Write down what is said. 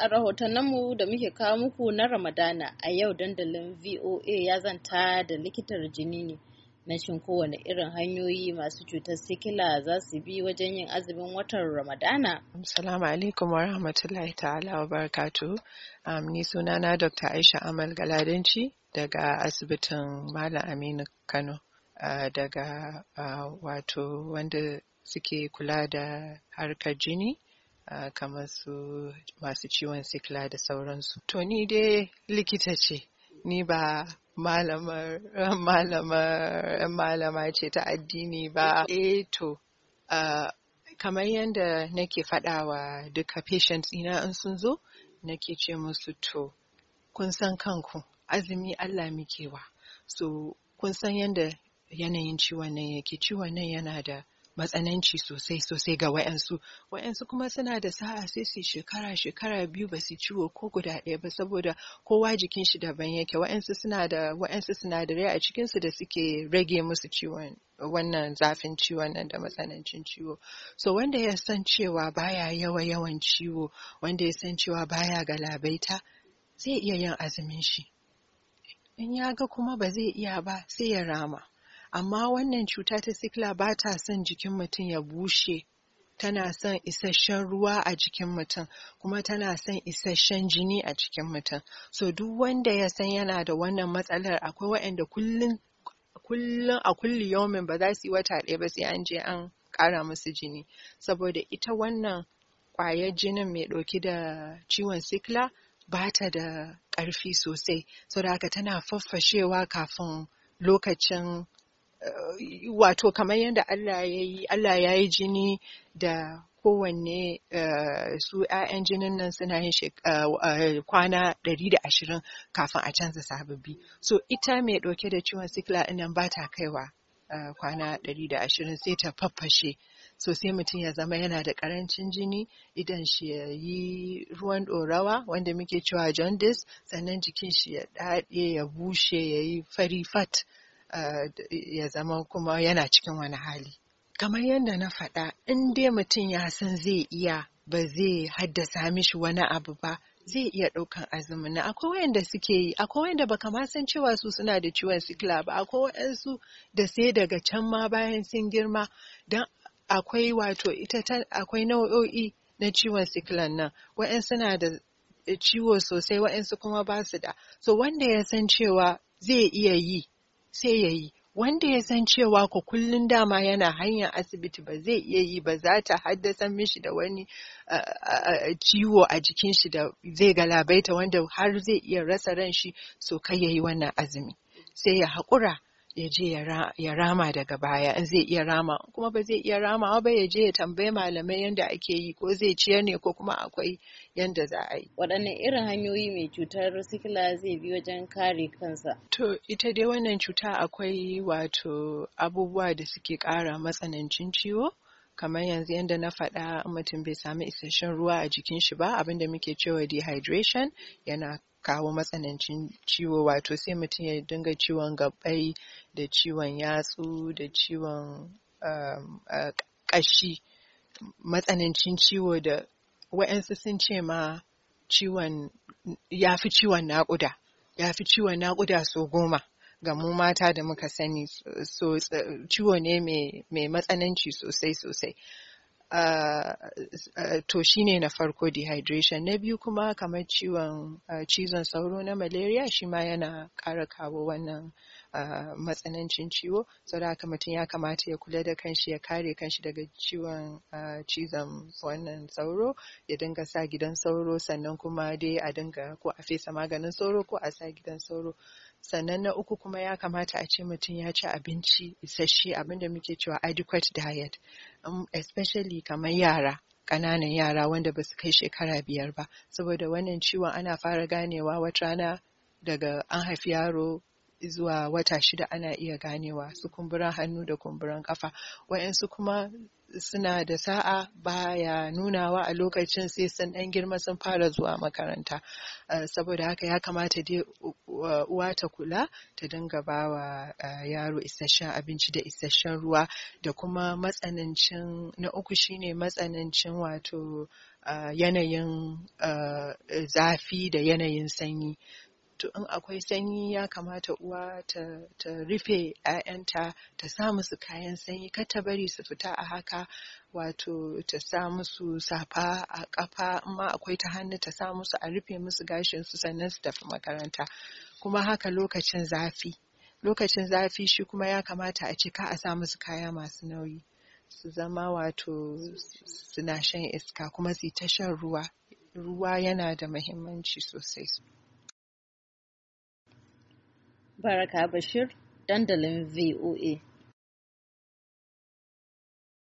a rahotanninmu da muke kawo muku na ramadana a yau dandalin voa ya zanta da likitar jini ne na shin kowane irin hanyoyi masu cutar sikila za su bi wajen yin azumin watan ramadana assalamu alaikum wa rahmatullahi ta'ala wa barakatu um, ni sunana dr aisha amal galadanci daga asibitin malam aminu kano uh, daga wato wanda suke kula da harkar jini kamar su masu ciwon sikila da sauransu. To ni dai likita ce, ni ba malamar malama ce ta addini ba. Eh to, kamar yadda nake faɗawa duka patients ina in sun zo, nake ce musu to, kun san kanku, azumi Allah mikewa. wa. So, kun san yadda yanayin ciwon nan yake, ciwon nan yana da matsananci sosai sosai ga wayansu wayansu kuma suna da sa'a sai su shekara shekara biyu ba su ciwo ko guda ɗaya ba saboda kowa jikin shi daban yake wayansu suna da wayansu sinadarai a cikin su da suke rage musu ciwon wannan zafin ciwon nan da matsanancin ciwo so wanda ya san cewa baya yawa yawan ciwo wanda ya san cewa baya galabaita zai iya yin azumin shi in ya ga kuma ba zai iya ba sai ya rama amma wannan cuta ta sikila ba ta son jikin mutum ya bushe tana son isasshen ruwa a jikin mutum kuma tana son isasshen jini a jikin mutum so duk wanda ya san yana da wannan matsalar akwai waɗanda kullum a kulli yomin ba za su yi wata ɗaya ba sai an je an ƙara musu jini saboda ita wannan ƙwayar jinin mai ɗauki da ciwon sikila ba ta da ƙarfi sosai saboda haka tana faffashewa kafin lokacin wato kamar yadda Allah ya yi Allah ya yi jini da kowanne eh, su 'ya'yan jinin nan suna yin eh, eh, kwana ashirin kafin a canza sababbi so ita mai ɗauke da ciwon sikila nan ba ta kaiwa kwana da ashirin, sai ta faffashe so sai mutum ya zama yana da karancin jini idan shi ya yi ruwan ɗorawa wanda muke cewa jaundice sannan jikin shi ya ɗaɗe ya bushe ya yi fari fat ya zama kuma yana cikin wani hali kamar yadda na faɗa in dai mutum ya san zai iya ba zai haddasa mishi wani abu ba zai iya ɗaukan azumin na akwai wayanda suke yi akwai wayanda baka ma san cewa su suna da ciwon sikila ba akwai wayansu da sai daga can ma bayan sun girma Dan akwai wato ita ta akwai nau'o'i na ciwon sikilan nan wayan suna da ciwo sosai wayansu kuma ba su da so wanda ya san cewa zai iya yi sai ya yi wanda ya san cewa ko kullum dama yana hanyar asibiti ba zai iya yi ba za ta haddasa mishi da wani ciwo a jikin shi da zai galabaita wanda har zai iya rasa ran shi so kai ya yi wannan azumi sai ya haƙura ya je ya rama daga baya in zai iya rama kuma ba zai iya rama ba ya je ya tambayi malamai yadda ake yi ko zai ciyar ne ko kuma akwai yadda za a yi. Waɗanne irin hanyoyi mai cutar sikila zai bi wajen kare kansa? To ita dai wannan cuta akwai wato abubuwa da suke ƙara matsanancin ciwo. kamar yanzu yadda na faɗa mutum bai sami isasshen ruwa a jikin shi ba abinda muke cewa dehydration yana kawo matsanancin ciwo wato sai mutum ya dinga ciwon gabai da ciwon yatsu da ciwon um, ƙashi matsanancin ciwo da wa'yansu sun ce ma ciwon ya fi ciwon naƙuda ya fi ciwon naƙuda sau goma ga mu mata da muka sani so ciwo ne mai matsananci sosai sosai To shi ne na farko dehydration na biyu kuma kamar ciwon cizon sauro na malaria shi ma yana ƙara kawo wannan matsanancin ciwo saboda haka mutum ya kamata ya kula da kanshi ya kare kanshi daga ciwon cizon wannan sauro ya dinga sa gidan sauro sannan kuma dai a dinga ko a fesa maganin sauro ko a sa gidan sauro sannan na uku kuma ya kamata a ce mutum ya ci abinci isasshe abinda muke cewa adequate diet um, especially kamar yara ƙananan yara wanda ba su kai shekara biyar ba saboda wannan ciwon ana fara ganewa wata rana daga an haifi yaro zuwa wata shida ana iya ganewa su kumburan hannu da kumburan kafa wayansu kuma suna da sa'a baya nunawa a lokacin sai sun ɗan girma sun fara zuwa makaranta uh, saboda haka ya kamata dai uwa ta kula ta dinga ba wa eh, yaro isasshen abinci da isasshen ruwa da kuma matsanancin na uku shine matsanancin wato eh, yanayin eh, zafi da yanayin sanyi to in akwai sanyi ya kamata uwa ta, rufe 'ya'yanta ta sa musu kayan sanyi kar ta bari su fita a haka wato ta sa musu safa a ƙafa amma akwai ta hannu ta sa musu a rufe musu gashin su sannan su tafi makaranta kuma haka lokacin zafi lokacin zafi shi kuma ya kamata a cika a sa musu kaya masu nauyi su zama wato suna shan iska kuma su ta shan ruwa ruwa yana da mahimmanci sosai baraka bashir dandalin voa